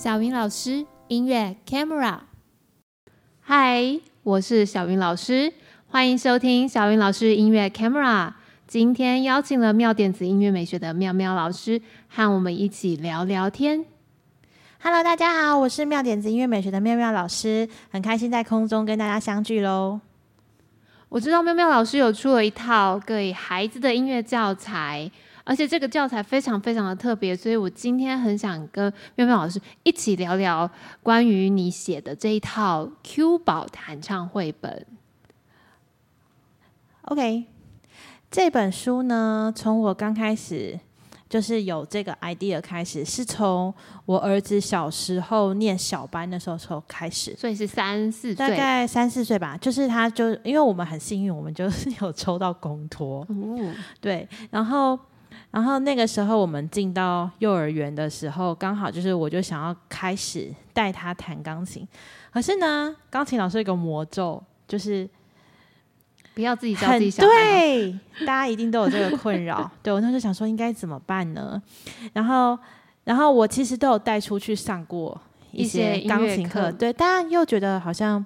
小芸老師音樂 Camera，嗨，Hi，我是小芸老師，歡迎收聽小芸老師音樂 Camera。今天邀請了妙點子音樂美學的妙妙老師，和我們一起聊聊天。Hello，大家好，我是妙點子音樂美學的妙妙老師，很開心在空中跟大家相聚嘍。我知道妙妙老師有出了一套給孩子的音樂教材，而且這個教材非常非常的特別，所以我今天很想跟妙妙老師一起聊聊關於你寫的這一套《Q 寶彈唱繪本》。OK，這本書呢，從我剛開始就是有這個 idea 開始，是從我兒子小時候念小班的時候時候開始，所以是三四，大概三四歲吧。就是他就，就因為我們很幸運，我們就是有抽到公托。嗯，對，然後。然後那個時候，我們進到幼兒園的時候，剛好就是我就想要開始帶他彈鋼琴。可是呢，鋼琴老師有一個魔咒，就是不要自己教自己小孩哦。對， 大家一定都有這個困擾。 對我那時想說，應該怎麼辦呢？然後，然後我其實都有帶出去上過一些鋼琴課，對，但又覺得好像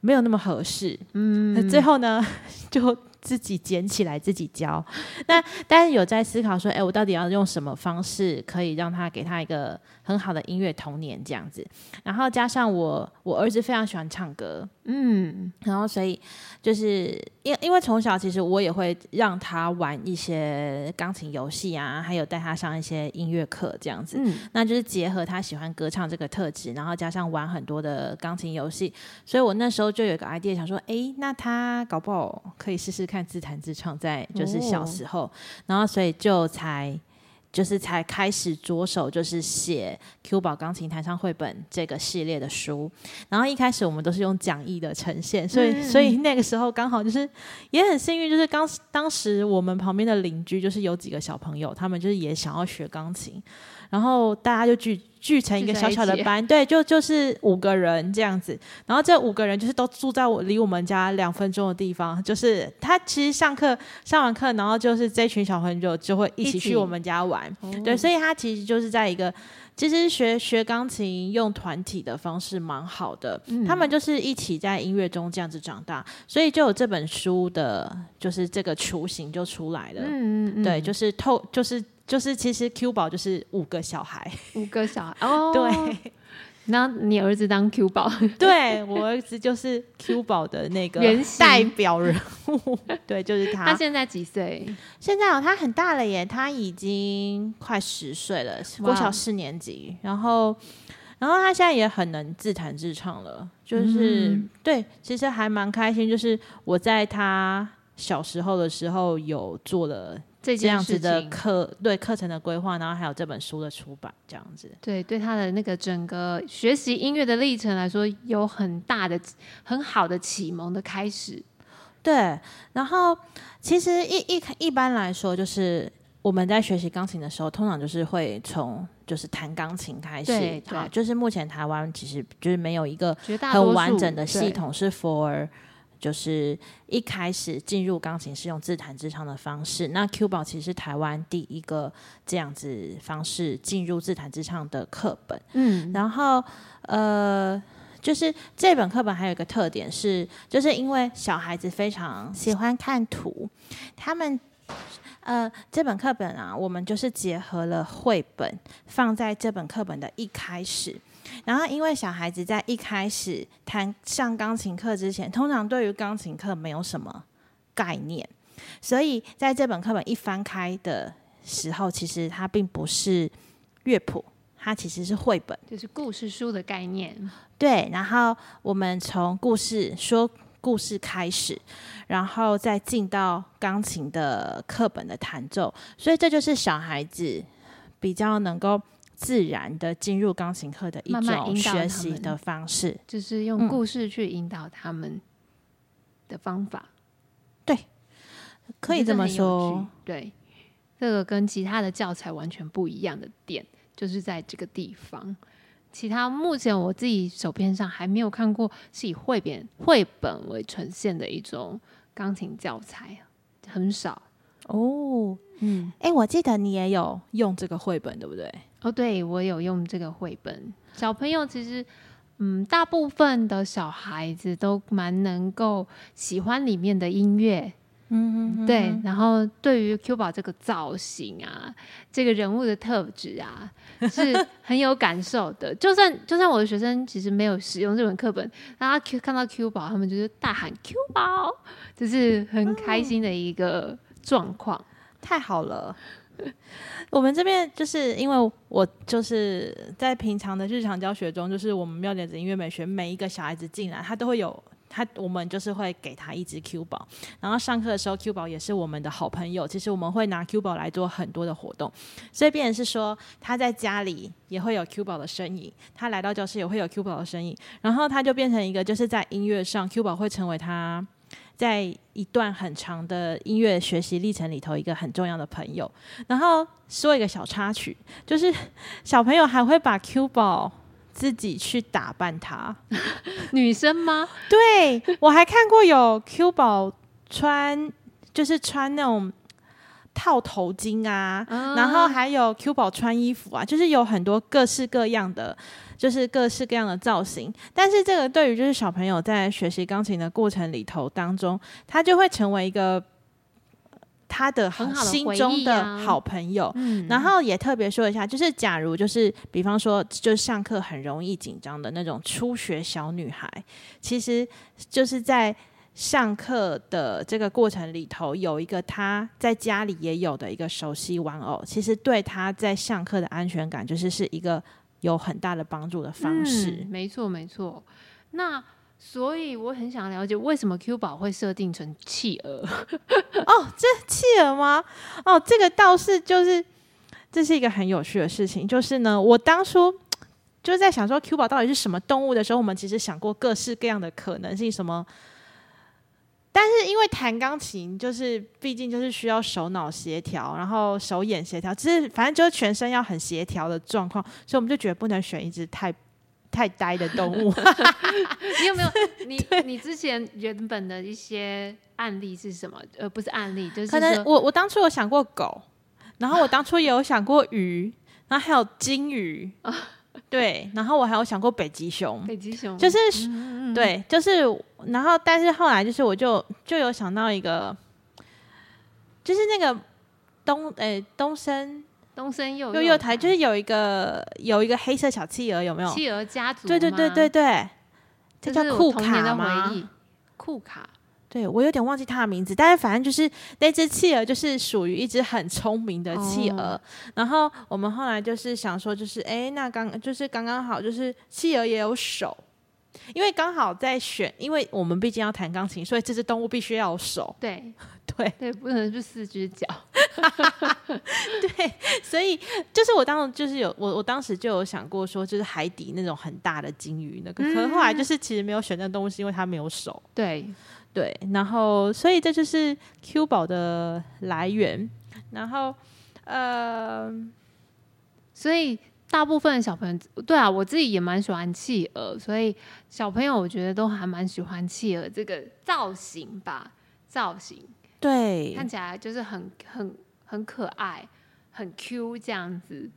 沒有那麼合適。嗯，最後呢，就。自己撿起來自己教，那但是有在思考說，哎，我到底要用什麼方式可以讓他，給他一個很好的音樂童年這樣子，然後加上我，我兒子非常喜歡唱歌。嗯，然後所以就是因，因因為從小其實我也會讓他玩一些鋼琴遊戲啊，還有帶他上一些音樂課這樣子，嗯。那就是結合他喜歡歌唱這個特質，然後加上玩很多的鋼琴遊戲，所以我那時候就有個 idea 想說，哎、欸，那他搞不好可以試試看自彈自唱，在就是小時候。哦，然後所以就才，就是才開始着手，就是寫 Q 寶鋼琴彈唱繪本這個系列的書。然後一開始我們都是用講義的呈現，所以所以那個時候剛好就是也很幸運，就是剛當時我們旁邊的鄰居就是有幾個小朋友，他們就是也想要學鋼琴。然後大家就聚聚成一個小小的班，對，就就是五個人這樣子。然後這五個人就是都住在我離我們家兩分鐘的地方，就是他其實上課上完課，然後就是這群小朋友就會一起去我們家玩，對，哦，所以他其實就是在一個。其實學學鋼琴用團體的方式蠻好的、嗯，他們就是一起在音樂中這樣子長大，所以就有這本書的，就是這個雛形就出來了。嗯嗯嗯，對，就是透，就是就是，其實 Q 寶就是五個小孩，五個小孩哦、 oh，對。那你兒子當 Q 寶，對我兒子就是 Q 寶的那個代表人物， 對，就是他。他現在幾歲？現在哦，他很大了耶，他已經快十歲了，國小四年級、wow。然後，然後他現在也很能自彈自唱了，就是、嗯、對，其實還蠻開心。就是我在他小時候的時候有做了。這樣子的課對課程的規劃，然後還有這本書的出版，這樣子對對他的那個整個學習音樂的歷程來說，有很大的很好的啟蒙的開始。對，然後其實一一一般來說，就是我們在學習鋼琴的時候，通常就是會從就是彈鋼琴開始。對對，對，就是目前台灣其實就是沒有一個很完整的系統是 for。就是一開始進入鋼琴是用自彈自唱的方式，那 Q 寶其實是台灣第一個這樣子方式進入自彈自唱的課本。嗯，然後呃，就是這本課本還有一個特點是，就是因為小孩子非常喜歡看圖。他們呃，這本課本啊，我們就是結合了繪本，放在這本課本的一開始。然後，因為小孩子在一開始彈上鋼琴課之前，通常對於鋼琴課沒有什麼概念，所以在這本課本一翻開的時候，其實它並不是樂譜，它其實是繪本，就是故事書的概念。對。然後我們從故事說故事開始，然後再進到鋼琴的課本的彈奏，所以這就是小孩子比較能夠。自然的進入鋼琴課的一種慢慢學習的方式，就是用故事去引導他們的方法。嗯、對，可以這麼說這。對，這個跟其他的教材完全不一樣的點，就是在這個地方。其他目前我自己手邊上還沒有看過，是以繪本繪本為呈現的一種鋼琴教材，很少哦。嗯，哎、欸，我記得你也有用這個繪本，對不對？哦、oh，對，我有用這個繪本。小朋友其實，嗯，大部分的小孩子都蠻能夠喜歡裡面的音樂，嗯哼哼哼，對。然後對於 Q 寶這個造型啊，這個人物的特質啊，是很有感受的。 就算就算我的學生其實沒有使用這本課本，然後他 Q 看到 Q 寶，他們就是大喊 Q 寶，就是很開心的一個狀況，哦、太好了。 我們這邊就是因為我就是在平常的日常教學中，就是我們妙點子音樂美學每一個小孩子進來，他都會有他，我們就是會給他一支 Q 寶，然後上課的時候 Q 寶也是我們的好朋友。其實我們會拿 Q 寶來做很多的活動，所以變成是說他在家裡也會有 Q 寶的身影，他來到教室也會有 Q 寶的身影，然後他就變成一個就是在音樂上 Q 寶會成為他。在一段很長的音樂學習歷程裡頭，一個很重要的朋友。然後說一個小插曲，就是小朋友還會把 Q 寶自己去打扮他，女生嗎？ 對，我還看過有 Q 寶穿，就是穿那種。套頭巾啊，啊，然後還有 Q 寶穿衣服啊，就是有很多各式各樣的，就是各式各樣的造型。但是這個對於就是小朋友在學習鋼琴的過程裡頭當中，他就會成為一個他的心中的好朋友。啊嗯，然後也特別說一下，就是假如就是比方說就上課很容易緊張的那種初學小女孩，其實就是在。上課的這個過程裡頭，有一個他在家裡也有的一個熟悉玩偶，其實對他在上課的安全感，就是是一個有很大的幫助的方式。嗯，沒錯，沒錯。那所以我很想了解，為什麼 Q 寶會設定成企鵝？ 哦，這企鵝嗎？哦，這個倒是就是這是一個很有趣的事情。就是呢，我當初就是在想說，Q 寶到底是什麼動物的時候，我們其實想過各式各樣的可能性，什麼。但是因為彈鋼琴就是，畢竟就是需要手腦協調，然後手眼協調，其實反正就是全身要很協調的狀況，所以我們就絕不能選一隻太太呆的動物。 你有沒有？你你之前原本的一些案例是什麼？呃，不是案例，就是可能我我當初有想過狗，然後我當初也有想過魚，然後還有金魚， 對，然後我還有想過北極熊，北極熊就是嗯嗯嗯對，就是。然後，但是後來就是，我就就有想到一個，就是那個東誒東森東森幼幼台，幼幼台就是有一個有一個黑色小企鵝，有沒有？企鵝家族？對對對對對，這，這叫酷卡嗎？酷卡，對我有點忘記他的名字，但是反正就是那隻企鵝，就是屬於一隻很聰明的企鵝。哦、然後我們後來就是想說，就是哎，那剛就是剛剛好，就是企鵝也有手。因為剛好在選，因為我們畢竟要彈鋼琴，所以這隻動物必須要手。對對對，不可能是四隻腳。 對，所以就是我當，就是有我，我當時就有想過說，就是海底那種很大的鯨魚那個、嗯，可後來就是其實沒有選那動物，是因為它沒有手。對對，然後所以這就是 Q 寶的來源，然後呃，所以。大部分的小朋友，對啊，我自己也蠻喜歡企鵝，所以小朋友我覺得都還蠻喜歡企鵝這個造型吧，造型對，看起來就是很很很可愛，很 Q 這樣子。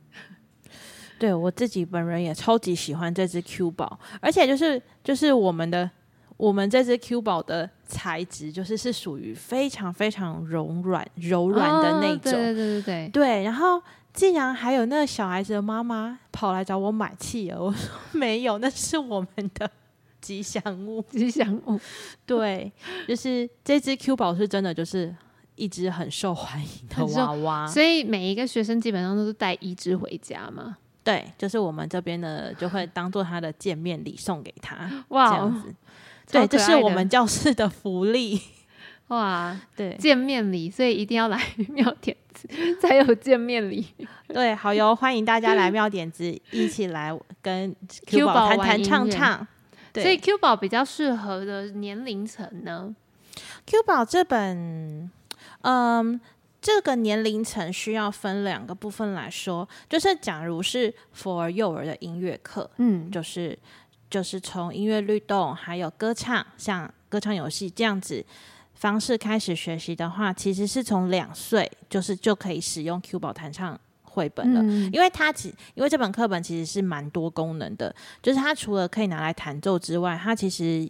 對我自己本人也超級喜歡這隻 Q 寶，而且就是就是我們的我們這隻 Q 寶的材質就是是屬於非常非常柔軟柔軟的那種，哦，對對對對對，然後。竟然還有那個小孩子的媽媽跑來找我買汽油，我說沒有，那是我們的吉祥物，吉祥物。對，就是這只 Q 寶是真的，就是一只很受歡迎的娃娃，所以每一個學生基本上都是帶一只回家嘛。對，就是我們這邊的就會當做他的見面禮送給他哇，這樣子。對，這是我們教室的福利。哇，對，見面禮，所以一定要來妙點子才有見面禮。對，好喲，歡迎大家來妙點子， 一起來跟 Q 寶彈彈唱唱。對，所以 Q 寶比較適合的年齡層呢？Q 寶這本，嗯，這個年齡層需要分兩個部分來說，就是假如是 for 幼兒的音樂課，嗯，就是就是從音樂律動還有歌唱，像歌唱遊戲這樣子。方式開始學習的話，其實是從兩歲就是就可以使用 Q 寶彈唱繪本了。嗯，因為它其因為這本課本其實是蠻多功能的，就是它除了可以拿來彈奏之外，它其實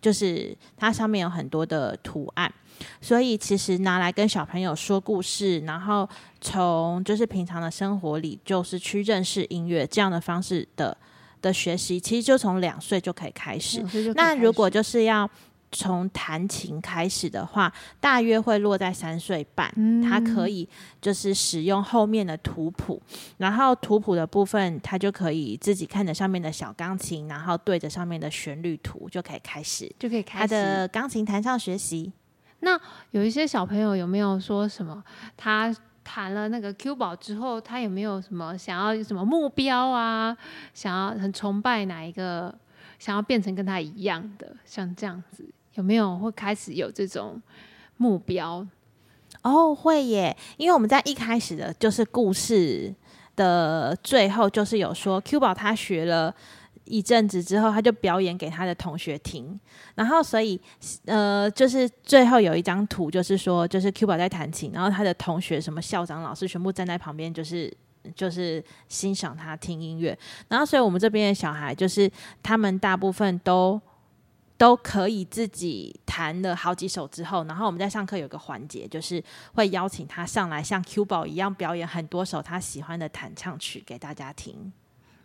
就是它上面有很多的圖案，所以其實拿來跟小朋友說故事，然後從就是平常的生活裡就是去認識音樂這樣的方式的的學習，其實就從兩歲就可以開始。那如果就是要，從彈琴開始的話，大約會落在三歲半，嗯，他可以就是使用後面的圖譜，然後圖譜的部分，他就可以自己看着上面的小鋼琴，然後對着上面的旋律圖就可以開始，就可以開始他的鋼琴彈唱學習。那有一些小朋友有沒有說什麼？他彈了那個 Q 寶之後，他有沒有什麼想要什麼目標啊？想要很崇拜哪一個？想要變成跟他一樣的，像這樣子？有沒有會開始有這種目標？哦、oh，會耶！因為我們在一開始的就是故事的最後，就是有說 Q 寶他學了一陣子之後，他就表演給他的同學聽。然後，所以呃，就是最後有一張圖，就是說，就是 Q 寶在彈琴，然後他的同學、什麼校長、老師全部站在旁邊，就是，就是就是欣賞他聽音樂。然後，所以我們這邊的小孩，就是他們大部分都。都可以自己彈了好幾首之後，然後我們在上課有個環節，就是會邀請他上來，像 Q 寶一樣表演很多首他喜歡的彈唱曲給大家聽。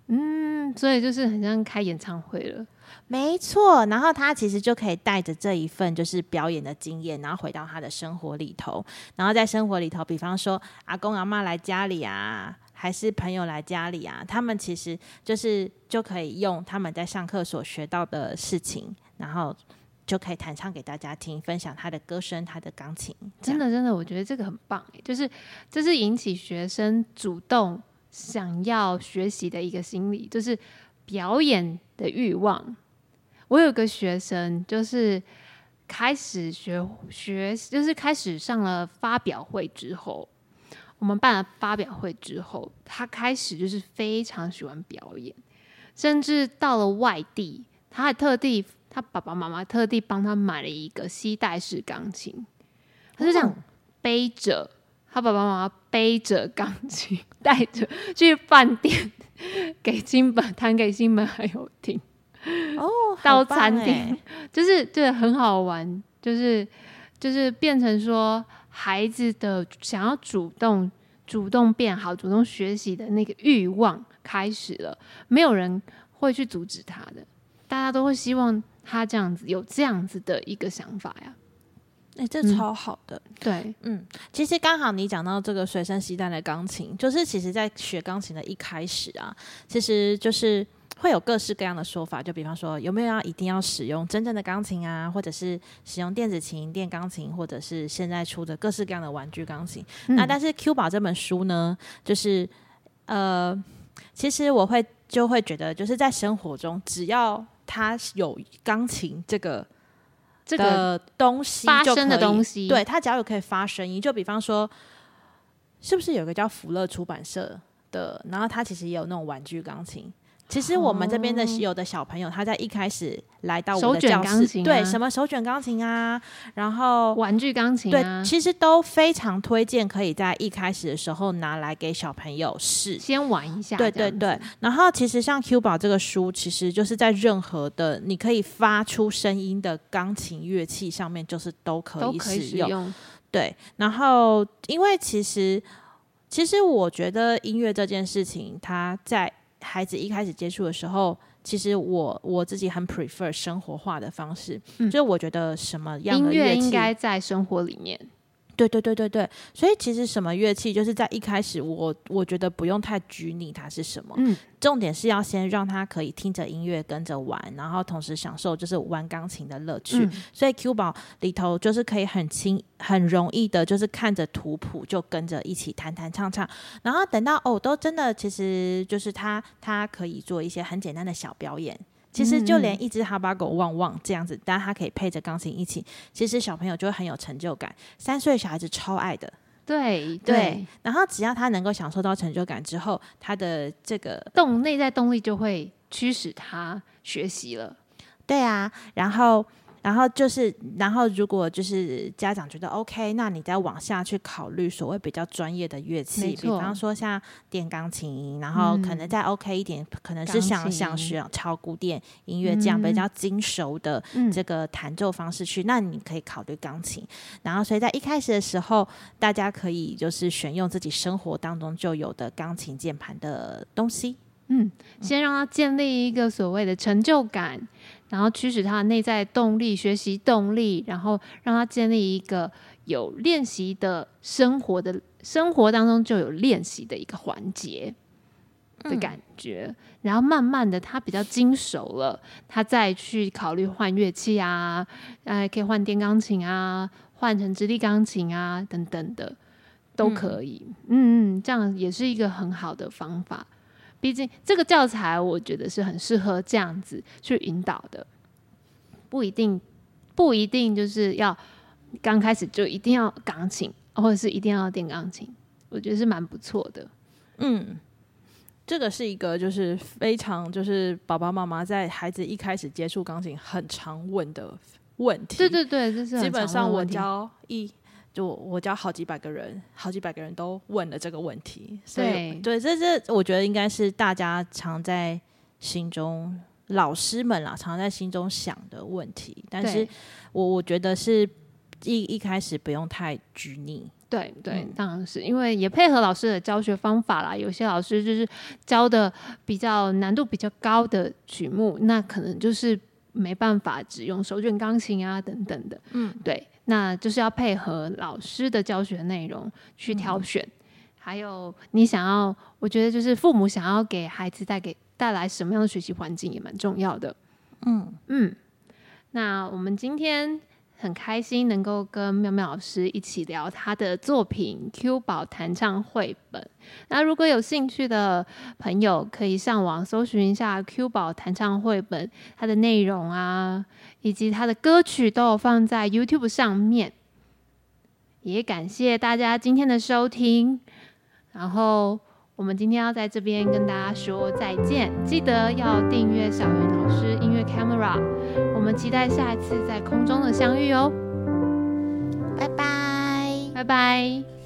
嗯，所以就是很像開演唱會了，沒錯。然後他其實就可以帶着這一份就是表演的經驗，然後回到他的生活裡頭，然後在生活裡頭，比方說阿公阿嬤來家裡啊。還是朋友來家裡啊，他們其實就是就可以用他們在上課所學到的事情，然後就可以彈唱給大家聽，分享他的歌聲、他的鋼琴。真的，真的，我覺得這個很棒，就是這是引起學生主動想要學習的一個心理，就是表演的慾望。我有個學生，就是開始學學，就是開始上了發表會之後。我們辦了發表會之後，他開始就是非常喜歡表演，甚至到了外地，他還特地，他爸爸媽媽特地幫他買了一個攜帶式鋼琴，他就這樣背着、哦、他爸爸媽媽背着鋼琴，帶着去飯店給親朋彈給親朋還有聽，哦，到餐廳就是對很好玩，就是就是變成說。孩子的想要主動、主動變好、主動學習的那個慾望開始了，沒有人會去阻止他的，大家都會希望他這樣子，有這樣子的一個想法呀。哎、欸，這超好的。嗯，對，嗯，其實剛好你講到這個隨身攜帶的鋼琴，就是其實在學鋼琴的一開始啊，其實就是。會有各式各樣的說法，就比方說有沒有要一定要使用真正的鋼琴啊，或者是使用電子琴、電鋼琴，或者是現在出的各式各樣的玩具鋼琴。那、嗯啊、但是《Q 寶》這本書呢，就是呃，其實我會就會覺得，就是在生活中，只要它有鋼琴這個這個東西發聲的東西，對它只要有可以發聲音，就比方說，是不是有個叫福樂出版社的，然後它其實也有那種玩具鋼琴。其實我們這邊的有的小朋友，他在一開始來到我們的教室，啊、對什麼手捲鋼琴啊，然後玩具鋼琴、啊，對，其實都非常推薦可以在一開始的時候拿來給小朋友試，先玩一下。對對對。然後其實像 Q 寶這個書，其實就是在任何的你可以發出聲音的鋼琴樂器上面，就是都可以都可以使用。對。然後因為其實其實我覺得音樂這件事情，它在。孩子一開始接觸的時候，其實我我自己很 prefer 生活化的方式，就我覺得什麼樣的音樂應該在生活裡面。對對對對對，所以其實什麼樂器，就是在一開始我，我我覺得不用太拘泥它是什麼，嗯，重點是要先讓他可以聽着音樂跟着玩，然後同時享受就是玩鋼琴的樂趣。嗯。所以 Q 寶裡頭就是可以很輕很容易的，就是看着圖譜就跟着一起彈彈唱唱，然後等到哦，都真的其實就是他他可以做一些很簡單的小表演。其實就連一只哈巴狗汪汪這樣子，但他可以配着鋼琴一起，其實小朋友就會很有成就感，三歲小孩子超愛的。對對、對，然後只要他能夠享受到成就感之後，他的這個動內在動力就會驅使他學習了。對啊，然後。然後就是，然後如果就是家長覺得 OK，那你再往下去考慮所謂比較專業的樂器，比方說像電鋼琴，然後可能再 OK 一點，嗯、可能是想想學超古典音樂這樣比較精熟的這個彈奏方式去、嗯，那你可以考慮鋼琴。然後所以在一開始的時候，大家可以就是選用自己生活當中就有的鋼琴鍵盤的東西，嗯，先讓它建立一個所謂的成就感。然後驅使他的內在動力、學習動力，然後讓他建立一個有練習的生活的，生活當中就有練習的一個環節的感覺。嗯、然後慢慢的，他比較精熟了，他再去考慮換樂器啊，哎、呃，可以換電鋼琴啊，換成直立鋼琴啊等等的，都可以。嗯。嗯，這樣也是一個很好的方法。畢竟這個教材，我覺得是很適合這樣子去引導的，不一定，不一定就是要剛開始就一定要鋼琴，或者是一定要電鋼琴，我覺得是蠻不錯的。嗯，這個是一個就是非常就是爸爸媽媽在孩子一開始接觸鋼琴很常問的問題。對對對，就是問問基本上我教一。我我教好幾百個人，好幾百個人都問了這個問題，所以對，對，這這，我覺得應該是大家常在心中、嗯，老師們啦，常在心中想的問題。但是我，我我覺得是一一開始不用太拘泥，對對、嗯，當然是因為也配合老師的教學方法啦。有些老師就是教的比較難度比較高的曲目，那可能就是沒辦法只用手卷鋼琴啊等等的，嗯，對。那就是要配合老師的教學內容去挑選，嗯，還有你想要，我覺得就是父母想要給孩子帶給帶來什麼樣的學習環境也蠻重要的。嗯嗯，那我們今天。很開心能夠跟妙妙老師一起聊她的作品《Q 寶彈唱繪本》。那如果有興趣的朋友，可以上網搜尋一下《Q 寶彈唱繪本》它的內容啊，以及它的歌曲都有放在 YouTube 上面。也感謝大家今天的收聽，然後我們今天要在這邊跟大家說再見，記得要訂閱小芸老師音樂 Camera。我們期待下一次在空中的相遇哦，拜拜，拜拜。